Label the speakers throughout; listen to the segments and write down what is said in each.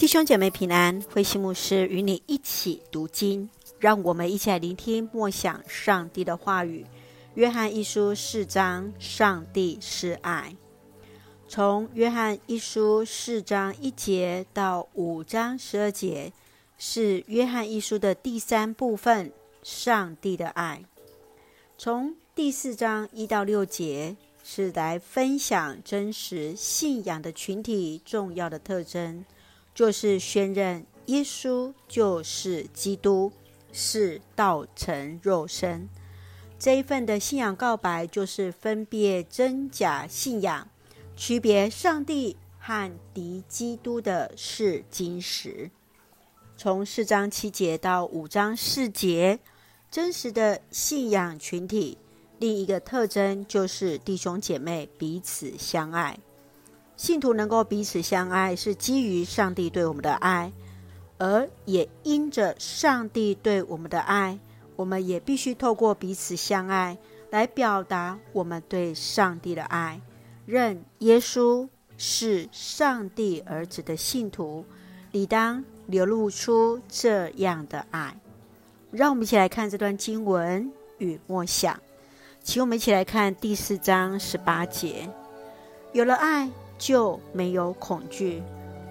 Speaker 1: 弟兄姐妹平安，慧馨牧師與你一起讀經，讓我們一起來聆聽默想上帝的話語。約翰一書四章，上帝是愛。從約翰一書四章一節到五章十二節，是約翰一書的第三部分，上帝的愛。從第四章一到六節，是來分享真實信仰的群體重要的特徵。就是宣認耶穌就是基督，是道成肉身。這一份的信仰告白，就是分辨真假信仰，區別上帝和敵基督的試金石。從四章七節到五章四節，真實的信仰群體，另一個特徵就是弟兄姐妹彼此相愛。信徒能夠彼此相愛，是基於上帝對我們的愛，而也因着上帝對我們的愛，我們也必須透過彼此相愛來表達我們對上帝的愛。認耶穌是上帝兒子的信徒，理當流露出這樣的愛。讓我們一起來看這段經文與默想，請我們一起來看第四章十八節：有了愛，就沒有恐懼，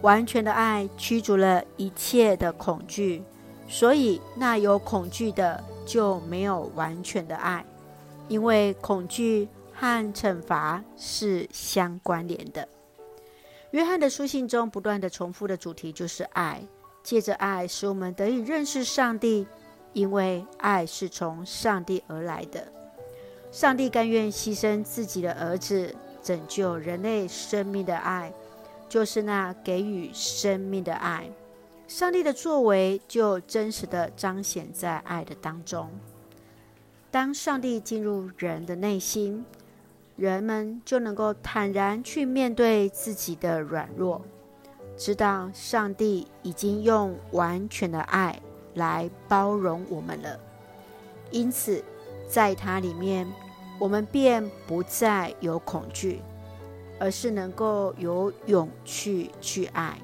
Speaker 1: 完全的愛驅逐了一切的恐懼，所以那有恐懼的就沒有完全的愛，因為恐懼和懲罰是相關聯的。約翰的書信中不斷的重複的主題就是愛，借着愛使我們得以認識上帝，因為愛是從上帝而來的。上帝甘願犧牲自己的兒子。拯救人類生命的愛，就是那給予生命的愛。上帝的作為就真實地彰顯在愛的當中。當上帝進入人的內心，人們就能夠坦然去面對自己的軟弱，知道上帝已經用完全的愛來包容我們了。因此，在他裡面。我們便不再有恐懼，而是能夠有勇氣去愛。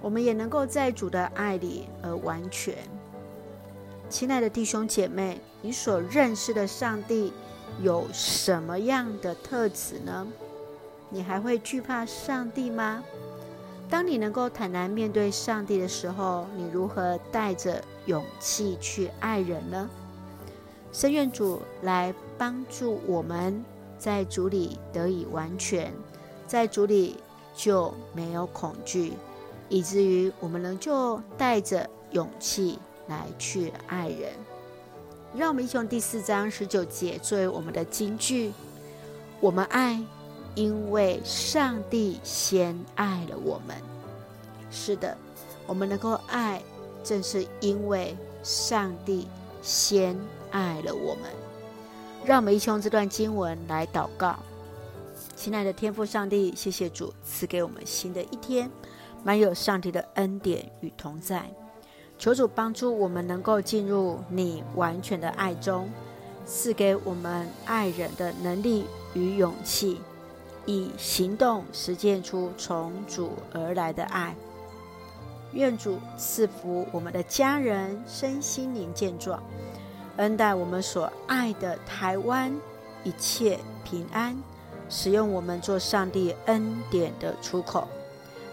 Speaker 1: 我們也能夠在主的愛裡而完全。親愛的弟兄姐妹，你所認識的上帝有什麼樣的特質呢？你還會懼怕上帝嗎？當你能夠坦然面對上帝的時候，你如何帶着勇氣去愛人呢？生願主來。幫助我們在主裡得以完全，在主裡就沒有恐懼，以至於我們能夠帶着勇氣來去愛人。讓我們一起用第四章十九節作為我們的金句：我們愛，因為上帝先愛了我們。是的，我們能夠愛，正是因為上帝先愛了我們。讓我們一起用這段經文來禱告，親愛的天父上帝，謝謝主賜給我們新的一天，滿有上帝的恩典與同在。求主幫助我們能夠進入你完全的愛中，賜給我們愛人的能力與勇氣，以行動實踐出從主而來的愛。願主賜福我們的家人身心靈健壯。恩待我們所愛的台灣，一切平安。使用我們做上帝恩典的出口。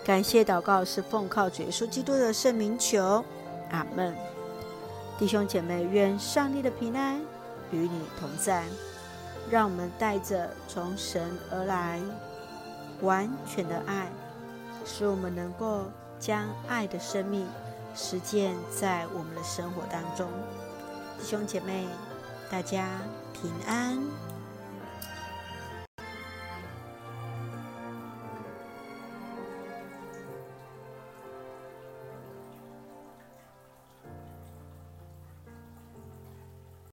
Speaker 1: 感謝禱告是奉靠主耶穌基督的聖名求，阿門。弟兄姐妹，願上帝的平安與你同在。讓我們帶着從神而來完全的愛，使我們能夠將愛的生命實踐在我們的生活當中。弟兄姐妹，大家平安。